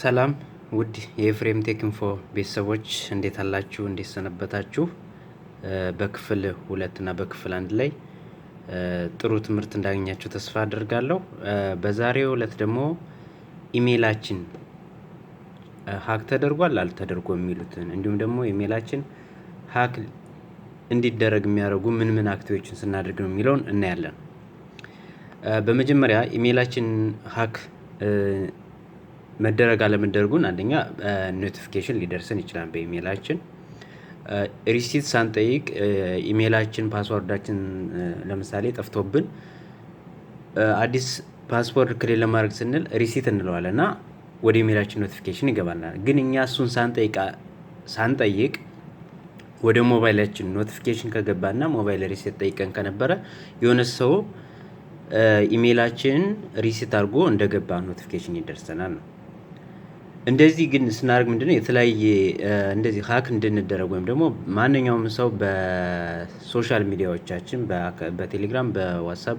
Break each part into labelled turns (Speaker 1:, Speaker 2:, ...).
Speaker 1: ሰላም ውድ የኤፍሬም ኢንፎ ቤተሰቦች እንዴት አላችሁ? እንዴት ሰነበታችሁ? በክፍል ሁለት እና በክፍል አንድ ላይ ጥሩ ትምህርት እንዳገኛችሁ ተስፋ አድርጋለሁ። በዛሬው ዕለት ደግሞ ኢሜላችን ሀክ ተደርጓል አልተደርጎም የሚሉትን እንዲሁም ደግሞ ኢሜላችን ሀክ እንዲደረግ የሚያደርጉ ምን ምን አክቲቪቲዎችን ስናደርግ ነው የሚለውን እናያለን። በመጀመሪያ ኢሜይላችን ሀክ መደረግ አለመደረጉን አንደኛ ኖቲፊኬሽን ሊደርሰን ይችላል በኢሜይላችን። ሪሲት ሳንጠይቅ ኢሜይላችን ፓስወርዳችን ለምሳሌ ጠፍቶብን አዲስ ፓስፖርት ክሬት ለማድረግ ስንል ሪሲት እንለዋለን እና ወደ ኢሜይላችን ኖቲፊኬሽን ይገባልናል። ግን እኛ እሱን ሳንጠይቅ ወደ ሞባይላችን ኖቲፊኬሽን ከገባና ሞባይል ሪሴት ጠይቀን ከነበረ የሆነ ሰው ኢሜይላችንን ሪሴት አድርጎ እንደገባ ኖቲፊኬሽን ይደርሰናል ነው። እንደዚህ ግን ስናደርግ ምንድነው የተለያየ እንደዚህ ሀክ እንድንደረግ ወይም ደግሞ ማንኛውም ሰው በሶሻል ሚዲያዎቻችን በቴሌግራም በዋትሳፕ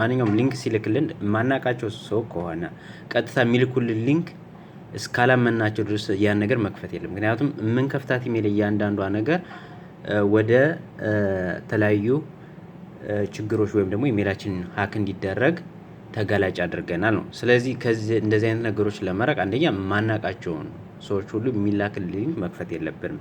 Speaker 1: ማንኛውም ሊንክ ሲልክልን የማናቃቸው ሰው ከሆነ ቀጥታ የሚልኩልን ሊንክ እስካላመናቸው ድረስ ያን ነገር መክፈት የለም። ምክንያቱም የምንከፍታት ኢሜል እያንዳንዷ ነገር ወደ ተለያዩ ችግሮች ወይም ደግሞ ኢሜላችን ሀክ እንዲደረግ ተጋላጭ አድርገናል ነው። ስለዚህ ከዚህ እንደዚህ አይነት ነገሮች ለመራቅ አንደኛ ማናቃቸውን ሰዎች ሁሉ የሚላክልኝ መክፈት የለብንም።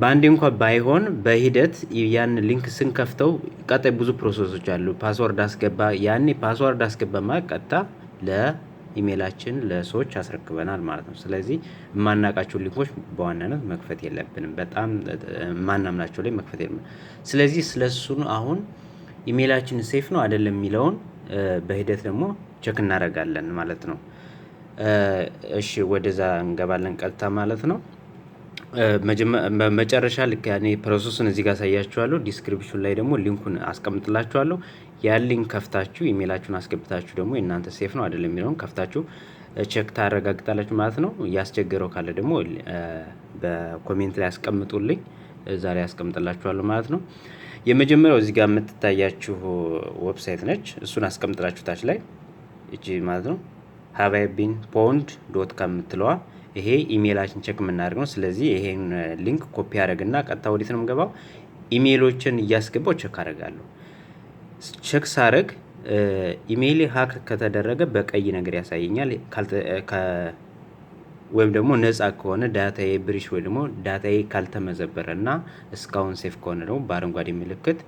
Speaker 1: በአንዴ እንኳ ባይሆን በሂደት ያን ሊንክ ስንከፍተው ቀጣይ ብዙ ፕሮሰሶች አሉ። ፓስወርድ አስገባ፣ ያኔ ፓስወርድ አስገባ ማለት ቀጥታ ለኢሜይላችን ለሰዎች አስረክበናል ማለት ነው። ስለዚህ የማናቃቸው ሊንኮች በዋናነት መክፈት የለብንም። በጣም ማናምናቸው ላይ መክፈት የለብንም። ስለዚህ ስለሱን አሁን ኢሜይላችን ሴፍ ነው አይደለም የሚለውን በሂደት ደግሞ ቸክ እናደርጋለን ማለት ነው። እሺ ወደዛ እንገባለን ቀጥታ ማለት ነው። መጨረሻ ልክ ያኔ ፕሮሰሱን እዚህ ጋር አሳያችኋለሁ። ዲስክሪፕሽን ላይ ደግሞ ሊንኩን አስቀምጥላችኋለሁ። ያ ሊንክ ከፍታችሁ ኢሜላችሁን አስገብታችሁ ደግሞ የእናንተ ሴፍ ነው አይደለም የሚለውን ከፍታችሁ ቸክ ታረጋግጣላችሁ ማለት ነው። ያስቸገረው ካለ ደግሞ በኮሜንት ላይ አስቀምጡልኝ፣ ዛሬ አስቀምጥላችኋለሁ ማለት ነው። የመጀመሪያው እዚህ ጋር የምትታያችሁ ዌብሳይት ነች። እሱን አስቀምጥላችሁ ታች ላይ እጅ ማለት ነው ሀቫይ ቢን ፖውንድ ዶት የምትለዋ ይሄ ኢሜይላችን ቸክ የምናደርግ ነው። ስለዚህ ይሄን ሊንክ ኮፒ አደረግና ቀጥታ ወዴት ነው የምገባው? ኢሜይሎችን እያስገባው ቸክ አደርጋለሁ። ቸክ ሳረግ ኢሜይል ሀክ ከተደረገ በቀይ ነገር ያሳየኛል። ወይም ደግሞ ነፃ ከሆነ ዳታ ብሪሽ ወይ ደግሞ ዳታ ካልተመዘበረ እና እስካሁን ሴፍ ከሆነ ደግሞ በአረንጓዴ ምልክት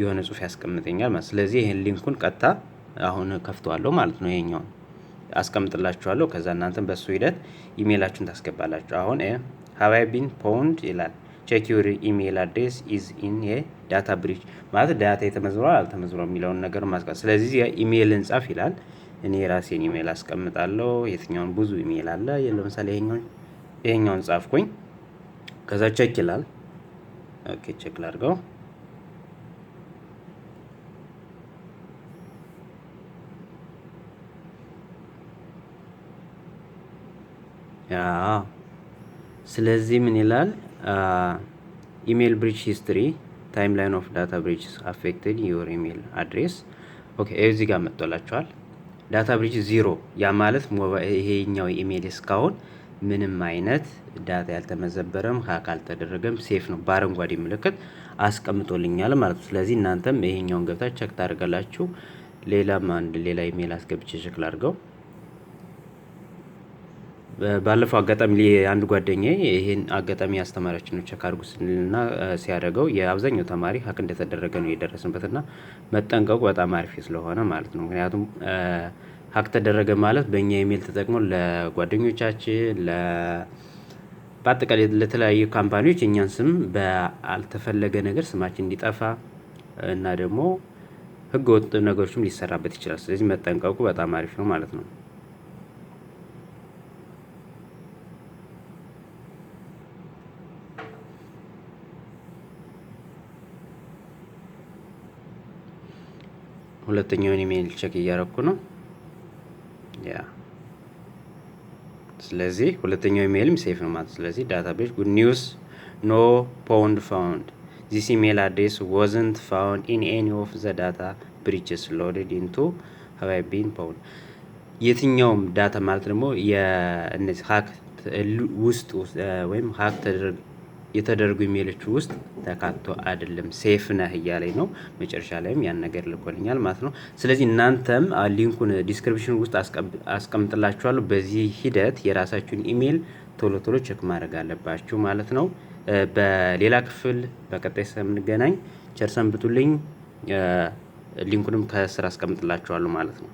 Speaker 1: የሆነ ጽሁፍ ያስቀምጠኛል ማለት። ስለዚህ ይህን ሊንኩን ቀጥታ አሁን ከፍተዋለሁ ማለት ነው። ይሄኛውን አስቀምጥላችኋለሁ። ከዛ እናንተን በእሱ ሂደት ኢሜይላችሁን ታስገባላችሁ። አሁን ሀባይ ቢን ፖውንድ ይላል ቼክ ዩር ኢሜይል አድሬስ ኢዝ ኢን ዳታ ብሪች ማለት ዳታ የተመዝብሯል አልተመዝብሯል የሚለውን ነገር ማስቀ ስለዚህ ኢሜይልን እንጻፍ ይላል እኔ የራሴን ኢሜይል አስቀምጣለሁ። የትኛውን ብዙ ኢሜይል አለ። ለምሳሌ ይሄኛውን ጻፍኩኝ። ከዛ ቼክ ይላል። ኦኬ ቼክ ላድርገው። ስለዚህ ምን ይላል? ኢሜይል ብሪች ሂስትሪ ታይም ላይን ኦፍ ዳታ ብሪችስ አፌክትድ ዩር ኢሜይል አድሬስ። ኦኬ እዚህ ጋር መጥቶላችኋል። ዳታ ብሪጅ ዚሮ። ያ ማለት ይሄኛው ኢሜል እስካሁን ምንም አይነት ዳታ ያልተመዘበረም ሀክ አልተደረገም፣ ሴፍ ነው በአረንጓዴ ምልክት አስቀምጦልኛል ማለት ነው። ስለዚህ እናንተም ይሄኛውን ገብታችሁ ቸክ ታደርጋላችሁ። ሌላም አንድ ሌላ ኢሜል አስገብቼ ቸክ ላድርገው። ባለፈው አጋጣሚ አንድ ጓደኛዬ ይህን አጋጣሚ አስተማሪያችን ቸክ አድርጉ ስንልና ሲያደርገው የአብዛኛው ተማሪ ሀቅ እንደተደረገ ነው የደረስንበትና መጠንቀቁ በጣም አሪፍ ስለሆነ ማለት ነው። ምክንያቱም ሀቅ ተደረገ ማለት በእኛ ኢሜል ተጠቅሞ ለጓደኞቻችን ለ በአጠቃላይ ለተለያዩ ካምፓኒዎች እኛን ስም በአልተፈለገ ነገር ስማችን እንዲጠፋ እና ደግሞ ህገወጥ ነገሮችም ሊሰራበት ይችላል። ስለዚህ መጠንቀቁ በጣም አሪፍ ነው ማለት ነው። ሁለተኛውን ኢሜይል ቼክ እያረኩ ነው። ያ ስለዚህ ሁለተኛው ኢሜይልም ሴፍ ነው ማለት ስለዚህ ዳታቤዝ ጉድ ኒውስ ኖ ፖውንድ ፋውንድ ዚስ ኢሜይል አድሬስ ወዝንት ፋውንድ ኢን ኤኒ ኦፍ ዘ ዳታ ብሪችስ ሎድድ ኢንቱ ሀዋይ ቢን ፓውንድ የትኛውም ዳታ ማለት ደግሞ የእነዚህ ሀክ ውስጥ ወይም ሀክ የተደርጉ ኢሜሎች ውስጥ ተካቶ አይደለም ሴፍ ነህ እያለኝ ነው። መጨረሻ ላይም ያን ነገር ልኮልኛል ማለት ነው። ስለዚህ እናንተም ሊንኩን ዲስክሪፕሽን ውስጥ አስቀምጥላችኋለሁ። በዚህ ሂደት የራሳችሁን ኢሜል ቶሎ ቶሎ ቸክ ማድረግ አለባችሁ ማለት ነው። በሌላ ክፍል በቀጣይ ስለምንገናኝ ቸር ሰንብቱልኝ። ሊንኩንም ከስር አስቀምጥላችኋለሁ ማለት ነው።